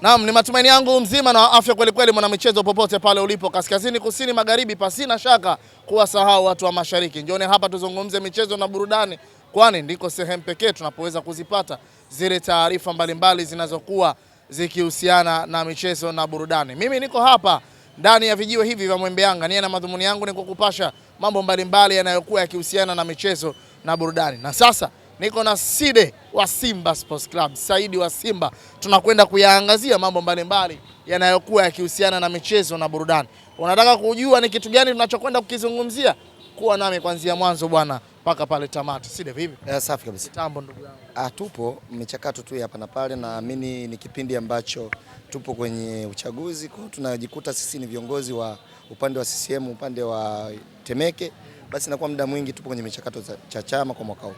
Naam, ni matumaini yangu mzima na afya kweli kweli, mwanamichezo popote pale ulipo, kaskazini, kusini, magharibi, pasina shaka kuwasahau watu wa mashariki. Njoni hapa tuzungumze michezo na burudani, kwani ndiko sehemu pekee tunapoweza kuzipata zile taarifa mbalimbali zinazokuwa zikihusiana na michezo na burudani. Mimi niko hapa ndani ya vijiwe hivi vya Mwembe Yanga, niye na madhumuni yangu ni kukupasha mambo mbalimbali yanayokuwa yakihusiana na michezo na burudani, na sasa niko na Side wa Simba Sports Club, Saidi wa Simba. Tunakwenda kuyaangazia mambo mbalimbali yanayokuwa yakihusiana na michezo na burudani. Unataka kujua ni kitu gani tunachokwenda kukizungumzia? Kuwa nami kuanzia mwanzo bwana mpaka pale tamati. Side vipi? Yeah, safi kabisa. Tambo ndugu yangu. Ah, tupo michakato tu hapa na pale, naamini ni kipindi ambacho tupo kwenye uchaguzi, kwa tunajikuta sisi ni viongozi wa upande wa CCM upande wa Temeke, basi inakuwa muda mwingi tupo kwenye michakato cha chama kwa mwaka huu.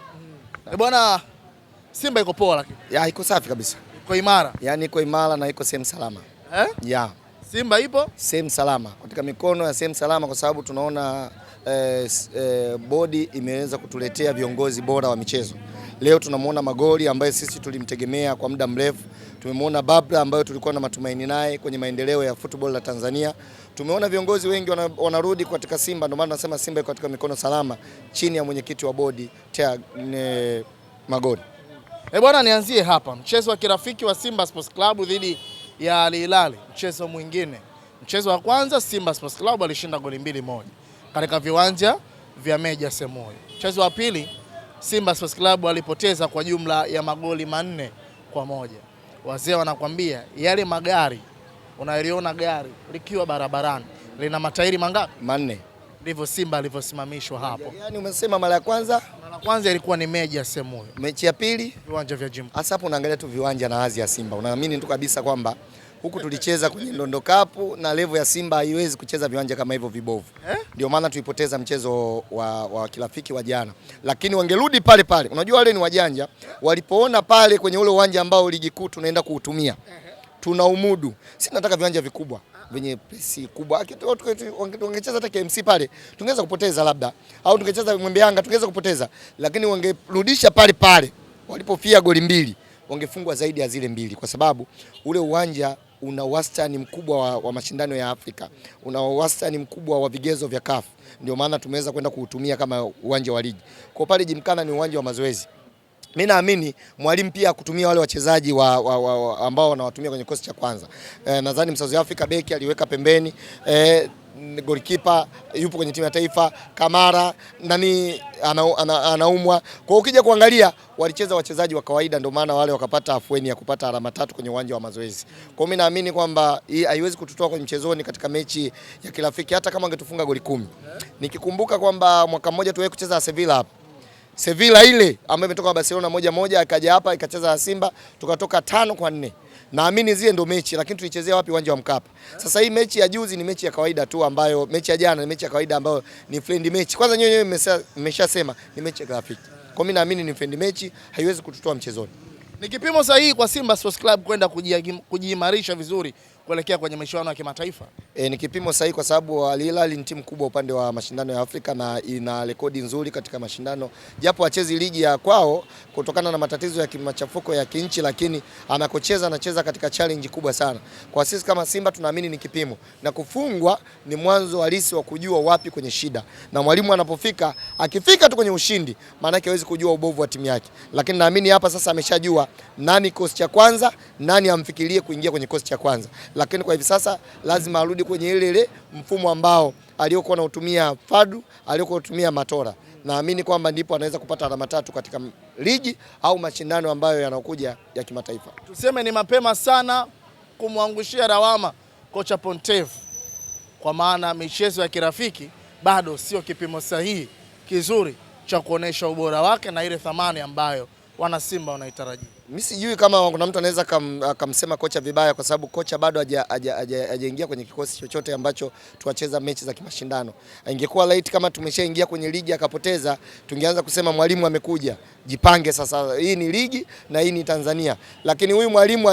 Eh, bwana Simba iko poa lakini. Ya iko safi kabisa. Iko imara. Yaani iko imara na iko sehemu salama. Eh? Ya. Simba ipo sehemu salama katika mikono ya sehemu salama kwa sababu tunaona eh, eh, bodi imeweza kutuletea viongozi bora wa michezo. Leo tunamwona Magoli ambaye sisi tulimtegemea kwa muda mrefu Tumemwona Babla ambayo tulikuwa na matumaini naye kwenye maendeleo ya football la Tanzania. Tumeona viongozi wengi wanarudi katika Simba, ndio maana nasema Simba katika mikono salama chini ya mwenyekiti wa bodi Tea Magoni. Eh, bwana nianzie hapa. Mchezo wa kirafiki wa Simba Sports Club dhidi ya Al Hilal, mchezo mwingine. Mchezo wa kwanza Simba Sports Club alishinda goli mbili moja katika viwanja vya Meja Semoyo. Mchezo wa pili Simba Sports Club alipoteza kwa jumla ya magoli manne kwa moja wazee wanakwambia yale magari unaliona gari likiwa barabarani lina matairi mangapi? Manne. Ndivyo Simba alivyosimamishwa hapo. Yaani, yaani umesema mara ya kwanza, mara ya kwanza ilikuwa ni meji ya sehemu hiyo, mechi ya pili viwanja vya Jimbo. Hasa hapo unaangalia tu viwanja na hadhi ya Simba, unaamini tu kabisa kwamba huku tulicheza kwenye Ndondo Cup na level ya Simba haiwezi kucheza viwanja kama hivyo vibovu eh? Ndio maana tulipoteza mchezo wa, wa kirafiki wa jana, lakini wangerudi pale pale. Unajua wale ni wajanja, walipoona pale kwenye ule uwanja ambao ligi kuu tunaenda kuutumia tuna umudu, si nataka viwanja vikubwa venye pesi kubwa. Wangecheza hata KMC pale tungeweza kupoteza labda, au tungecheza Mwembe Yanga tungeweza kupoteza, lakini wangerudisha pale pale walipofia goli mbili, wangefungwa zaidi ya zile mbili, kwa sababu ule uwanja una wastani mkubwa wa, wa mashindano ya Afrika, una wastani mkubwa wa vigezo vya CAF. Ndio maana tumeweza kwenda kuutumia kama uwanja wa ligi. Kwa pale jimkana ni uwanja wa mazoezi. Mi naamini mwalimu pia kutumia wale wachezaji wa, wa, wa, ambao wanawatumia kwenye kikosi cha kwanza. E, nadhani msazi Afrika beki aliweka pembeni e, golikipa yupo kwenye timu ya taifa, Kamara nani anaumwa ana, ana kwa ukija kuangalia walicheza wachezaji wa kawaida, ndio maana wale wakapata afueni ya kupata alama tatu kwenye uwanja wa mazoezi. Kwa mimi naamini kwamba hii haiwezi kututoa kwenye mchezoni katika mechi ya kirafiki, hata kama angetufunga goli kumi. Nikikumbuka kwamba mwaka mmoja tuwahi kucheza Sevilla hapa Sevilla ile ambayo imetoka Barcelona moja moja, akaja hapa ikacheza Simba tukatoka tano kwa nne. Naamini zile ndo mechi, lakini tulichezea wapi? Uwanja wa Mkapa. Sasa hii mechi ya juzi ni mechi ya kawaida tu, ambayo mechi ya jana ni mechi ya kawaida ambayo ni friend mechi. Kwanza nyewe wenyewe mmeshasema ni mechi ya kirafiki, kwa mimi naamini ni friend mechi, haiwezi kututoa mchezoni. Ni kipimo sahihi kwa Simba Sports Club kwenda kujiimarisha vizuri kuelekea kwenye michuano ya kimataifa? E, ni kipimo sahihi kwa sababu Al Hilal ni timu kubwa upande wa mashindano ya Afrika na ina rekodi nzuri katika mashindano, japo wachezi ligi ya kwao kutokana na matatizo ya kimachafuko ya kinchi, lakini anakocheza anacheza katika challenge kubwa sana. Kwa sisi kama Simba tunaamini ni kipimo, na kufungwa ni mwanzo halisi wa kujua wapi kwenye shida, na mwalimu anapofika, akifika tu kwenye ushindi, maana yake hawezi kujua ubovu wa timu yake, lakini naamini hapa sasa ameshajua nani kosi cha kwanza, nani amfikirie kuingia kwenye kosi cha kwanza lakini kwa hivi sasa lazima arudi kwenye ile ile mfumo ambao aliyokuwa anatumia Fadu, aliyokuwa anatumia Matora. Naamini kwamba ndipo anaweza kupata alama tatu katika ligi au mashindano ambayo yanakuja ya kimataifa. Tuseme ni mapema sana kumwangushia lawama kocha Pontev, kwa maana michezo ya kirafiki bado sio kipimo sahihi kizuri cha kuonesha ubora wake na ile thamani ambayo wanasimba wanaitarajia. Mimi sijui kama kuna mtu anaweza akamsema kocha vibaya kwa sababu kocha bado hajaingia kwenye kikosi chochote ambacho tuwacheza mechi za kimashindano. Ingekuwa light kama tumeshaingia kwenye ligi akapoteza, tungeanza kusema mwalimu amekuja, jipange sasa. Hii ni ligi na hii ni Tanzania. Lakini huyu mwalimu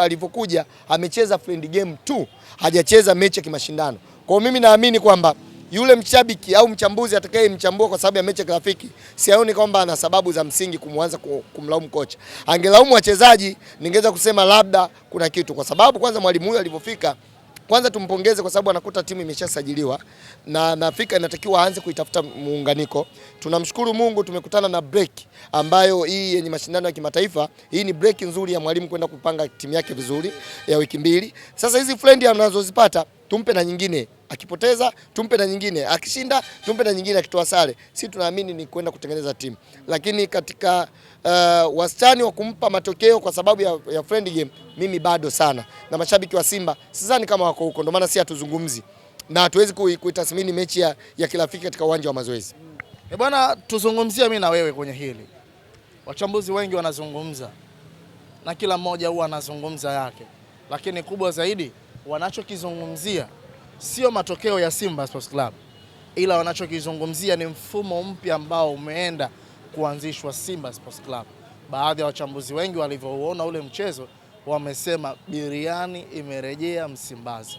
alivyokuja amecheza friend game tu, hajacheza mechi ya kimashindano. Kwa hiyo mimi naamini kwamba yule mshabiki au mchambuzi atakaye mchambua kwa sababu ya mechi ya kirafiki, siaoni kwamba ana sababu za msingi kumwanza kumlaumu kocha. Angelaumu wachezaji, ningeweza kusema labda kuna kitu, kwa sababu kwanza mwalimu huyo alivyofika kwanza tumpongeze kwa sababu anakuta timu imeshasajiliwa na nafika inatakiwa aanze kuitafuta muunganiko. Tunamshukuru Mungu tumekutana na break ambayo hii yenye mashindano ya kimataifa. Hii ni break nzuri ya mwalimu kwenda kupanga timu yake vizuri ya wiki mbili. Sasa hizi friend anazozipata tumpe na nyingine akipoteza tumpe na nyingine, akishinda tumpe na nyingine, akitoa sare, si tunaamini ni kwenda kutengeneza timu. Lakini katika uh, wastani wa kumpa matokeo kwa sababu ya, ya friend game, mimi bado sana na mashabiki wa Simba sidhani kama wako huko, ndio maana si hatuzungumzi na hatuwezi kuitathmini mechi ya, ya kirafiki katika uwanja wa mazoezi. E bwana, tuzungumzie mimi na wewe kwenye hili. Wachambuzi wengi wanazungumza na kila mmoja huwa anazungumza yake, lakini kubwa zaidi wanachokizungumzia sio matokeo ya Simba Sports Club, ila wanachokizungumzia ni mfumo mpya ambao umeenda kuanzishwa Simba Sports Club. Baadhi ya wachambuzi wengi walivyouona ule mchezo wamesema biriani imerejea Msimbazi.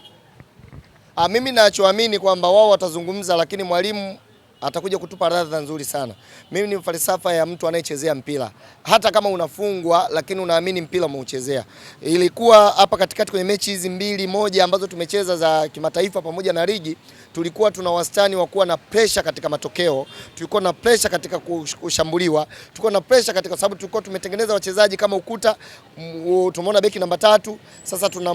Ah, mimi nachoamini kwamba wao watazungumza, lakini mwalimu atakuja kutupa radha nzuri sana. Mimi ni falsafa ya mtu anayechezea mpira, hata kama unafungwa, lakini unaamini mpira umeuchezea. Ilikuwa hapa katikati kwenye mechi hizi mbili moja ambazo tumecheza za kimataifa pamoja na ligi, tulikuwa tuna wastani wa kuwa na presha katika matokeo, tulikuwa na presha katika kushambuliwa, tulikuwa na presha katika sababu tulikuwa tumetengeneza wachezaji kama ukuta. Tumeona beki namba tatu, sasa tuna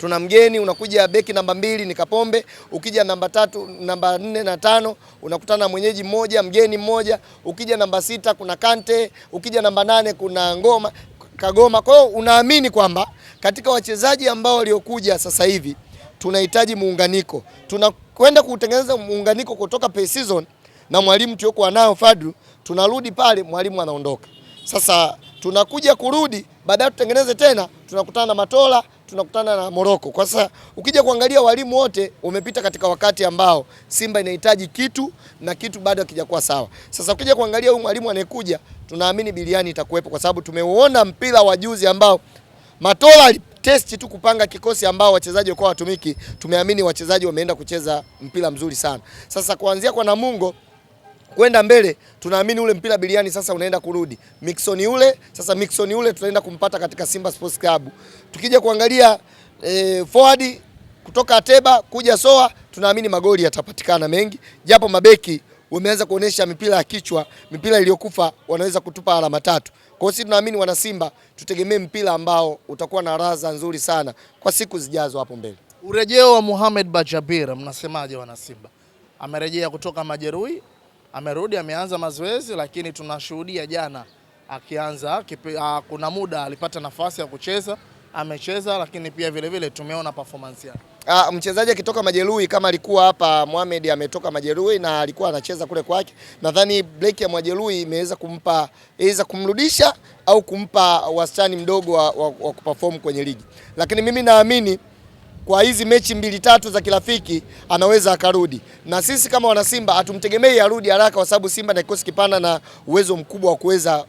tuna mgeni unakuja beki namba mbili ni Kapombe, ukija namba tatu, namba nne na tano unakutana mwenyeji mmoja mgeni mmoja, ukija namba sita kuna Kante, ukija namba nane kuna Ngoma Kagoma. Kwa hiyo unaamini kwamba katika wachezaji ambao waliokuja sasa hivi tunahitaji muunganiko, tunakwenda kutengeneza muunganiko kutoka pre season na mwalimu tuliokuwa nao Fadru, tunarudi pale mwalimu anaondoka. Sasa tunakuja kurudi baadaye, tutengeneze tena, tunakutana na Matola tunakutana na Morocco. Kwa sasa ukija kuangalia walimu wote umepita katika wakati ambao Simba inahitaji kitu na kitu bado hakijakuwa sawa. Sasa ukija kuangalia huyu mwalimu anayekuja, tunaamini biliani itakuwepo kwa sababu tumeuona mpira wa juzi ambao Matola testi tu kupanga kikosi ambao wachezaji walikuwa watumiki, tumeamini wachezaji wameenda kucheza mpira mzuri sana. Sasa kuanzia kwa Namungo kwenda mbele, tunaamini ule mpira biliani sasa unaenda kurudi Mixon ule sasa, Mixon ule tunaenda kumpata katika Simba Sports Club. Tukija kuangalia e, forward kutoka Ateba kuja Soa, tunaamini magoli yatapatikana mengi, japo mabeki wameanza kuonesha mipira ya kichwa, mipira iliyokufa, wanaweza kutupa alama tatu. Kwa hiyo sisi tunaamini wana Simba, tutegemee mpira ambao utakuwa na raza nzuri sana kwa siku zijazo hapo mbele. Urejeo wa Mohamed Bajabir, mnasemaje wana Simba? Amerejea kutoka majeruhi amerudi ameanza mazoezi, lakini tunashuhudia jana akianza kipi, a, ah, kuna muda alipata nafasi ya kucheza amecheza, lakini pia vilevile vile tumeona performance yake. Ah, mchezaji akitoka majeruhi kama alikuwa hapa Mohamed ametoka majeruhi na alikuwa anacheza kule kwake. Nadhani break ya majeruhi imeweza kumpa iweza kumrudisha au kumpa wastani mdogo wa, wa, wa kuperform kwenye ligi, lakini mimi naamini kwa hizi mechi mbili tatu za kirafiki anaweza akarudi, na sisi kama wanasimba hatumtegemei arudi haraka, kwa sababu Simba na kikosi kipana na uwezo mkubwa wa kuweza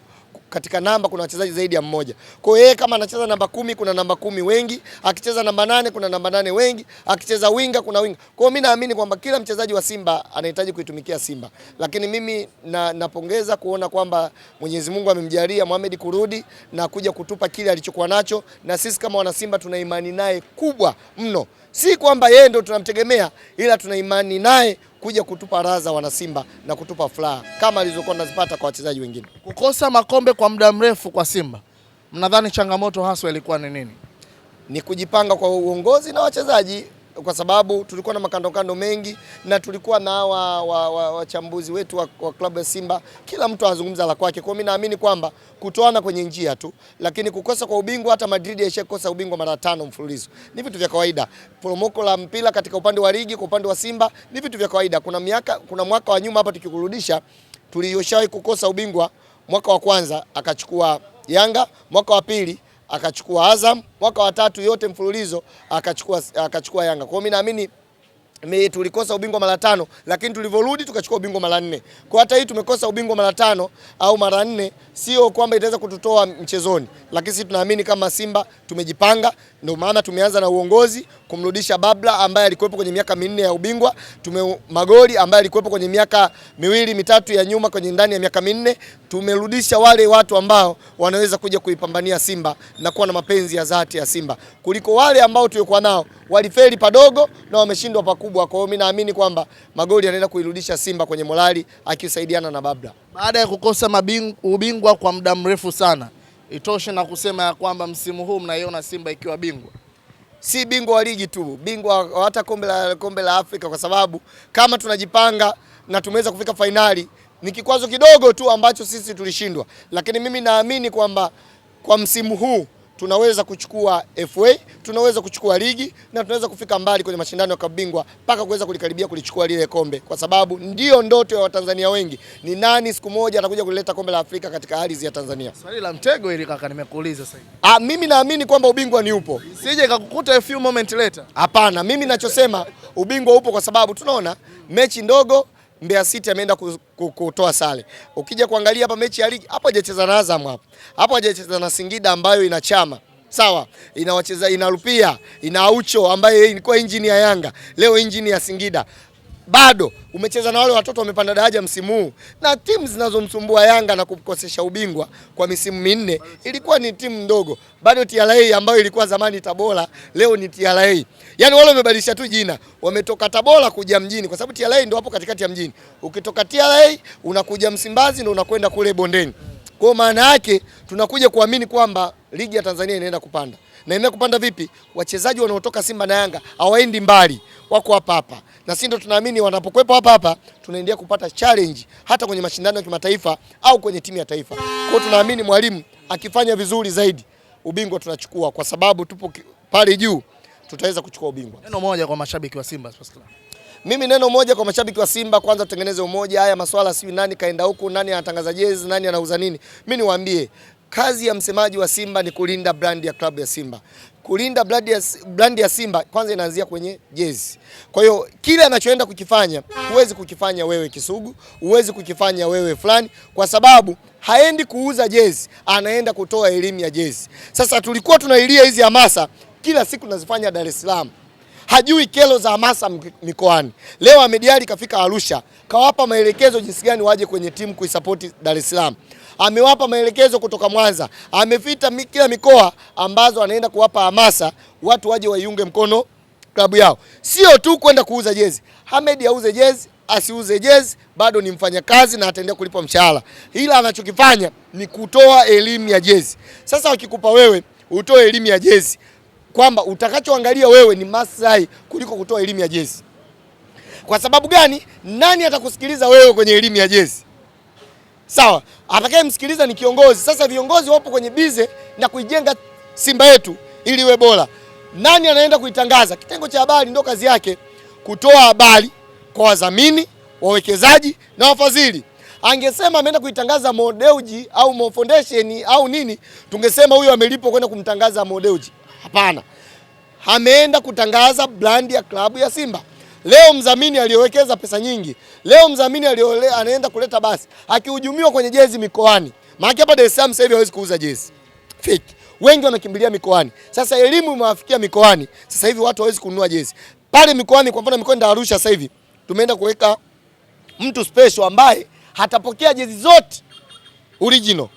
katika namba kuna wachezaji zaidi ya mmoja. Kwa hiyo yeye kama anacheza namba kumi kuna namba kumi wengi, akicheza namba nane kuna namba nane wengi, akicheza winga kuna winga. Kwa hiyo mimi naamini kwamba kila mchezaji wa Simba anahitaji kuitumikia Simba, lakini mimi na, napongeza kuona kwamba Mwenyezi Mungu amemjalia Mohamed kurudi na kuja kutupa kile alichokuwa nacho, na sisi kama wana Simba tuna imani naye kubwa mno, si kwamba yeye ndio tunamtegemea, ila tuna imani naye kuja kutupa raha wanasimba na kutupa furaha kama alizokuwa nazipata kwa wachezaji wengine. Kukosa makombe kwa muda mrefu kwa Simba, mnadhani changamoto haswa ilikuwa ni nini? Ni kujipanga kwa uongozi na wachezaji kwa sababu tulikuwa na makandokando mengi na tulikuwa na wa wachambuzi wa, wa wetu wa, wa klabu ya Simba, kila mtu anazungumza la kwake. Kwa mimi naamini kwamba kutoana kwenye njia tu, lakini kukosa kwa ubingwa, hata Madrid yashakosa ubingwa mara tano mfululizo, ni vitu vya kawaida. Poromoko la mpira katika upande wa ligi, kwa upande wa Simba ni vitu vya kawaida. Kuna miaka, kuna mwaka wa nyuma hapa tukikurudisha, tuliyoshawahi kukosa ubingwa mwaka wa kwanza akachukua Yanga, mwaka wa pili akachukua Azam, mwaka wa tatu yote mfululizo akachukua, akachukua Yanga. Kwa hiyo mimi naamini Mi, tulikosa ubingwa mara tano lakini tulivyorudi tukachukua ubingwa mara nne. Kwa hata hii tumekosa ubingwa mara tano au mara nne, sio kwamba itaweza kututoa mchezoni, lakini sisi tunaamini kama Simba tumejipanga, ndio maana tumeanza na uongozi kumrudisha Babla ambaye alikuwepo kwenye miaka minne ya ubingwa, tume magoli ambaye alikuwepo kwenye miaka miwili mitatu ya nyuma kwenye ndani ya miaka minne. Tumerudisha wale watu ambao wanaweza kuja kuipambania Simba na kuwa na mapenzi ya dhati ya Simba kuliko wale ambao tulikuwa nao, walifeli padogo na wameshindwa pakubwa. Kwa hiyo mimi naamini kwamba magoli anaenda kuirudisha Simba kwenye morali akisaidiana na Babla baada ya kukosa mabingu, ubingwa kwa muda mrefu sana. Itoshe na kusema ya kwamba msimu huu mnaiona Simba ikiwa bingwa, si bingwa wa ligi tu, bingwa hata kombe la, kombe la Afrika, kwa sababu kama tunajipanga na tumeweza kufika fainali, ni kikwazo kidogo tu ambacho sisi tulishindwa, lakini mimi naamini kwamba kwa msimu huu tunaweza kuchukua FA, tunaweza kuchukua ligi na tunaweza kufika mbali kwenye mashindano ya klabu bingwa mpaka kuweza kulikaribia kulichukua lile kombe, kwa sababu ndiyo ndoto ya Watanzania wengi. Ni nani siku moja atakuja kulileta kombe la Afrika katika ardhi ya Tanzania? Swali la mtego hili kaka, nimekuuliza sasa hivi. Ah, mimi naamini kwamba ubingwa ni upo, sije kakukuta a few moment later. Hapana, mimi nachosema ubingwa upo, kwa sababu tunaona mechi ndogo Mbeya City ameenda kutoa sare. Ukija kuangalia hapa mechi ya ligi hapo hajacheza na Azam hapo. Hapo hajacheza na Singida ambayo ina chama. Sawa, inawacheza inarupia, ina Rupia, ina Aucho ambaye ilikuwa injini ya Yanga, leo injini ya Singida bado umecheza na wale watoto wamepanda daraja msimu huu, na timu zinazomsumbua Yanga na kukosesha ubingwa kwa misimu minne ilikuwa ni timu ndogo. Bado TRA ambayo ilikuwa zamani Tabora, leo ni TRA. Yani wale wamebadilisha tu jina, wametoka Tabora kuja mjini, kwa sababu TRA ndio hapo katikati ya mjini. Ukitoka TRA unakuja Msimbazi, ndio unakwenda kule bondeni. Kwa hiyo maana yake tunakuja kuamini kwamba ligi ya Tanzania inaenda kupanda na inaenda kupanda vipi? Wachezaji wanaotoka Simba na Yanga hawaendi mbali, wako hapa hapa, na sisi ndo tunaamini wanapokwepo hapa hapa tunaendelea kupata challenge hata kwenye mashindano ya kimataifa au kwenye timu ya taifa. Kwa hiyo tunaamini mwalimu akifanya vizuri zaidi, ubingwa tunachukua, kwa sababu tupo pale juu, tutaweza kuchukua ubingwa. Neno moja kwa mashabiki wa Simba Sports Club. Mimi neno moja kwa mashabiki wa Simba, kwanza tutengeneze umoja. Haya maswala si nani kaenda huku, nani anatangaza jezi, nani anauza nini, mimi niwaambie kazi ya msemaji wa Simba ni kulinda brandi ya klabu ya Simba. Kulinda brandi ya, brandi ya Simba kwanza inaanzia kwenye jezi. Kwa hiyo kile anachoenda kukifanya huwezi kukifanya wewe Kisugu, huwezi kukifanya wewe fulani, kwa sababu haendi kuuza jezi, anaenda kutoa elimu ya jezi. Sasa tulikuwa tunailia hizi hamasa kila siku tunazifanya Dar es Salaam hajui kelo za hamasa mikoani. Leo Ahmed Ally kafika Arusha, kawapa maelekezo jinsi gani waje kwenye timu kuisapoti Dar es Salaam, amewapa maelekezo kutoka Mwanza, amefita kila mikoa ambazo anaenda kuwapa hamasa watu waje waiunge mkono klabu yao, sio tu kwenda kuuza jezi. Ahmed auze jezi asiuze jezi, bado ni mfanyakazi na ataendelea kulipwa mshahara, ila anachokifanya ni kutoa elimu ya jezi. Sasa wakikupa wewe utoe elimu ya jezi, kwamba utakachoangalia wewe ni maslahi kuliko kutoa elimu ya jezi. Kwa sababu gani? Nani atakusikiliza wewe kwenye elimu ya jezi? Sawa, atakayemsikiliza ni kiongozi. Sasa viongozi wapo kwenye bize na kuijenga Simba yetu ili iwe bora. Nani anaenda kuitangaza? Kitengo cha habari ndio kazi yake, kutoa habari kwa wadhamini, wawekezaji na wafadhili. Angesema ameenda kuitangaza Modeuji au Mo Foundation au nini, tungesema huyo amelipwa kwenda kumtangaza Modeuji. Hapana, ameenda kutangaza brandi ya klabu ya Simba. Leo mdhamini aliyowekeza pesa nyingi, leo mdhamini anaenda kuleta basi, akihujumiwa kwenye jezi mikoani, maana hapa Dar es Salaam sasa hivi hawezi kuuza jezi fake, wengi wanakimbilia mikoani. Sasa elimu imewafikia mikoani, sasa hivi watu hawezi kununua jezi pale mikoani. Kwa mfano mikoani Arusha, sasa hivi tumeenda kuweka mtu special ambaye hatapokea jezi zote original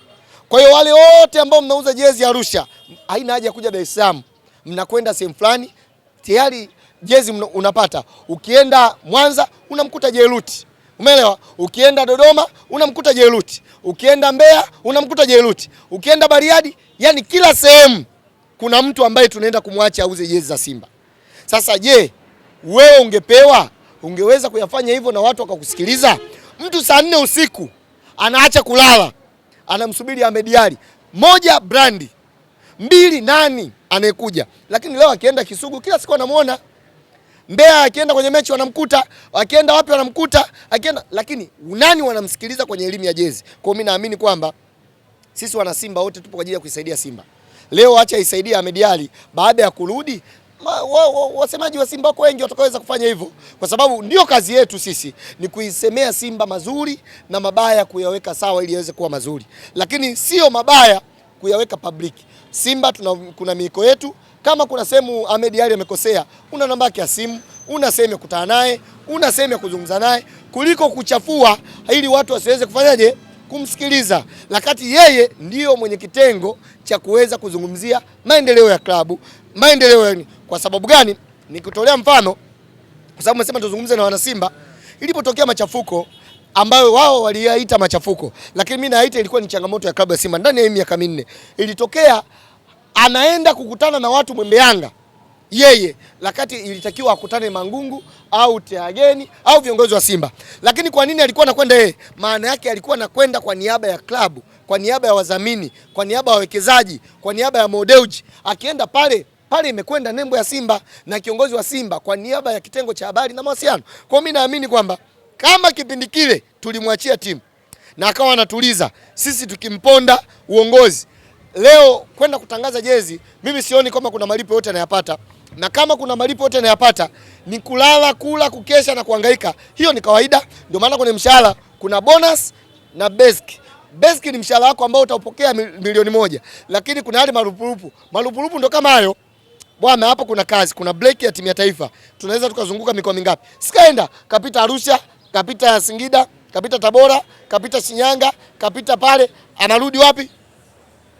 kwa hiyo wale wote ambao mnauza jezi Arusha, haina haja ya kuja Dar es Salaam, mnakwenda sehemu fulani tayari jezi unapata. Ukienda Mwanza unamkuta Jeruti, umeelewa? Ukienda Dodoma unamkuta Jeruti, ukienda Mbeya unamkuta Jeruti, ukienda Bariadi, yani kila sehemu kuna mtu ambaye tunaenda kumwacha auze jezi za Simba. Sasa je, wewe ungepewa, ungeweza kuyafanya hivyo na watu wakakusikiliza? Mtu saa nne usiku anaacha kulala anamsubiri Ahmed Ally. Moja, brandi; mbili, nani anayekuja. Lakini leo akienda Kisugu kila siku anamuona Mbeya, akienda kwenye mechi wanamkuta, akienda wapi wanamkuta, akienda lakini nani wanamsikiliza kwenye elimu ya jezi. Kwa hiyo mimi naamini kwamba sisi wana Simba wote tupo kwa ajili ya kuisaidia Simba. Leo acha isaidie Ahmed Ally baada ya kurudi wasemaji wa Simba wako wengi watakaweza kufanya hivyo, kwa sababu ndio kazi yetu sisi, ni kuisemea Simba mazuri na mabaya, kuyaweka sawa ili yaweze kuwa mazuri, lakini sio mabaya kuyaweka public. Simba tuna, kuna miiko yetu. Kama kuna sehemu Ahmed Ally amekosea, una namba yake ya simu, una sehemu ya kutana naye, una sehemu ya kuzungumza naye, kuliko kuchafua ili watu wasiweze kufanyaje kumsikiliza lakati yeye ndiyo mwenye kitengo cha kuweza kuzungumzia maendeleo ya klabu, maendeleo ya kwa sababu gani? Nikutolea mfano, kwa sababu umesema tuzungumze na wana Simba, ilipotokea machafuko ambayo wao waliyaita machafuko, lakini mimi naita ilikuwa ni changamoto ya klabu ya Simba ndani ya miaka minne. Ilitokea anaenda kukutana na watu Mwembe Yanga yeye lakati ilitakiwa akutane Mangungu au Teageni au viongozi wa Simba, lakini kwa nini alikuwa anakwenda yeye? Maana yake alikuwa anakwenda kwa niaba ya klabu, kwa niaba ya wadhamini, kwa niaba ya wawekezaji, kwa niaba ya Modeuji. Akienda pale pale imekwenda nembo ya Simba na kiongozi wa Simba kwa niaba ya kitengo cha habari na mawasiliano. Kwa mimi naamini kwamba kama kipindi kile tulimwachia timu na akawa anatuliza sisi tukimponda uongozi, leo kwenda kutangaza jezi, mimi sioni kama kuna malipo yote anayapata, na kama kuna malipo yote anayapata ni kulala, kula, kukesha na kuhangaika. Hiyo ni kawaida, ndio maana kwenye mshahara kuna bonus na basic basic ni mshahara wako ambao utaupokea milioni moja, lakini kuna hali marupurupu. Marupurupu ndo kama hayo bwana, hapo kuna kazi, kuna break ya timu ya taifa, tunaweza tukazunguka mikoa mingapi? Sikaenda kapita Arusha, kapita Singida, kapita Tabora, kapita Shinyanga, kapita pale, anarudi wapi?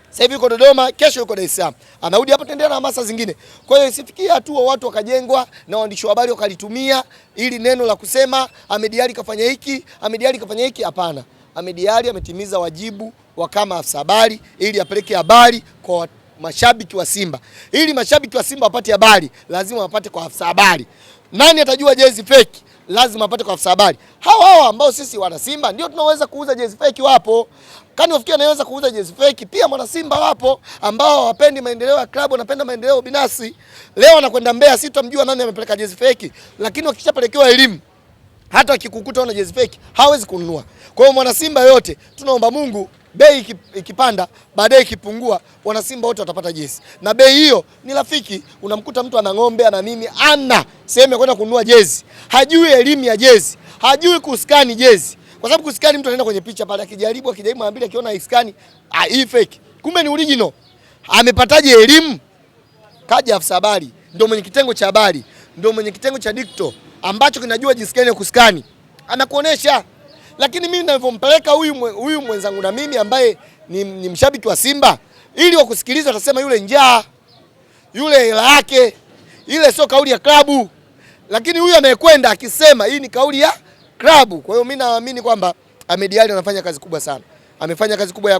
Sasa hivi yuko Dodoma, kesho yuko Dar es Salaam, anarudi hapo, tendea na hamasa zingine. Kwa hiyo isifikie hatua watu wakajengwa na waandishi wa habari wakalitumia ili neno la kusema Ahmed Ally kafanya hiki, Ahmed Ally kafanya hiki. Hapana, Ahmed Ally ametimiza wajibu wa kama afisa habari ili apeleke habari kwa watu mashabiki wa Simba. Ili mashabiki wa Simba wapate habari, lazima wapate kwa afisa habari. Nani atajua jezi feki? Lazima apate kwa afisa habari. Hao hao ambao sisi wana Simba ndio tunaweza kuuza jezi feki, wapo kani wafikia, anaweza kuuza jezi feki pia. Mwana Simba wapo ambao hawapendi maendeleo ya klabu, wanapenda maendeleo binafsi. Leo anakwenda Mbeya, sitamjua nani amepeleka jezi feki, lakini wakishapelekewa elimu hata akikukuta una jezi feki hawezi kununua. Kwa hiyo mwana Simba yote, tunaomba Mungu bei ikipanda baadaye ikipungua, wana Simba wote watapata jezi, na bei hiyo ni rafiki. Unamkuta mtu ana ng'ombe ana nini, ana sehemu ya kwenda kununua jezi, hajui elimu ya jezi, hajui kuskani jezi, kwa sababu kuskani mtu anaenda kwenye picha pale, akijaribu akijaribu mara akiona iskani ah, hii fake, kumbe ni original. Amepataje elimu? Kaja afisa habari, ndio mwenye kitengo cha habari, ndio mwenye kitengo cha dikto ambacho kinajua jinsi gani ya kuskani, anakuonesha lakini mimi ninavyompeleka huyu huyu mwenzangu na mimi ambaye ni, ni mshabiki wa Simba ili wakusikiliza atasema yule njaa, yule hela yake, ile sio kauli ya klabu. Lakini huyu amekwenda akisema hii ni kauli ya klabu. Kwa hiyo mimi naamini kwamba Ahmed Ally anafanya kazi kubwa sana, amefanya kazi kubwa ya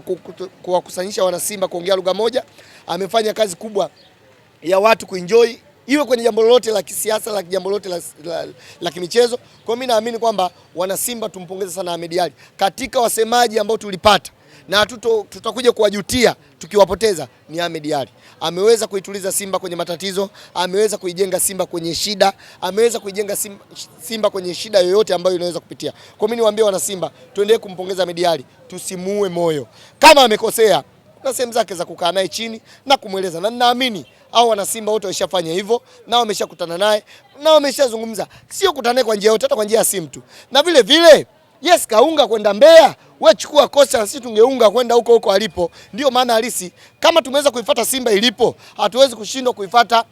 kuwakusanyisha wanasimba kuongea lugha moja, amefanya kazi kubwa ya watu kuenjoy iwe kwenye jambo lolote la kisiasa la jambo lolote la, la, la kimichezo. Kwa mimi naamini kwamba wana Simba tumpongeze sana Ahmed Ally katika wasemaji ambao tulipata na tuto, tutakuja kuwajutia tukiwapoteza ni Ahmed Ally. Ameweza kuituliza Simba kwenye matatizo, ameweza kuijenga Simba kwenye shida, ameweza kuijenga Simba, Simba kwenye shida yoyote ambayo inaweza kupitia. Kwa mimi niwaambie wana Simba, tuendelee kumpongeza Ahmed Ally, tusimuue moyo. Kama amekosea, kuna sehemu zake za kukaa naye chini na kumweleza, na ninaamini au Simba wote waishafanya hivyo na wameshakutana naye na wameshazungumza, sio kutana kwa njia yote, hata kwa njia ya simu tu. Na vile vile yes, kaunga kwenda Mbeya, wewe chukua kosa, na sisi tungeunga kwenda huko huko alipo. Ndio maana halisi, kama tumeweza kuifuata Simba ilipo, hatuwezi kushindwa kuifuata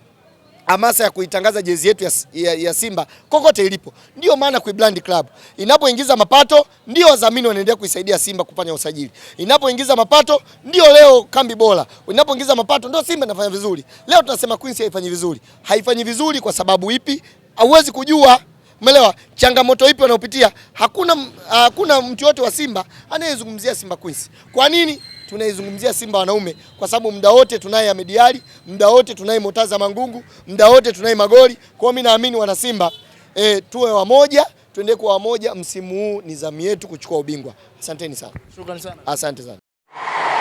hamasa ya kuitangaza jezi yetu ya, ya, ya Simba kokote ilipo. ndio maana kuibrand club inapoingiza mapato ndio wadhamini wanaendelea kuisaidia Simba kufanya usajili, inapoingiza mapato ndio leo kambi bora, inapoingiza mapato ndio Simba inafanya vizuri. Leo tunasema Queens haifanyi vizuri, haifanyi vizuri kwa sababu ipi? Hauwezi kujua Umeelewa changamoto ipi wanaopitia? Hakuna, hakuna mtu yote wa Simba anayezungumzia Simba Queens. Kwa nini? tunaizungumzia Simba wanaume kwa sababu muda wote tunaye Ahmed Ally, muda wote tunaye Motaza Mangungu, muda wote tunaye magoli. Kwa hiyo mimi naamini wana Simba e, tuwe wamoja, tuende kwa wamoja. Msimu huu ni zamu yetu kuchukua ubingwa. Asanteni sana. Shukrani sana. Asante sana.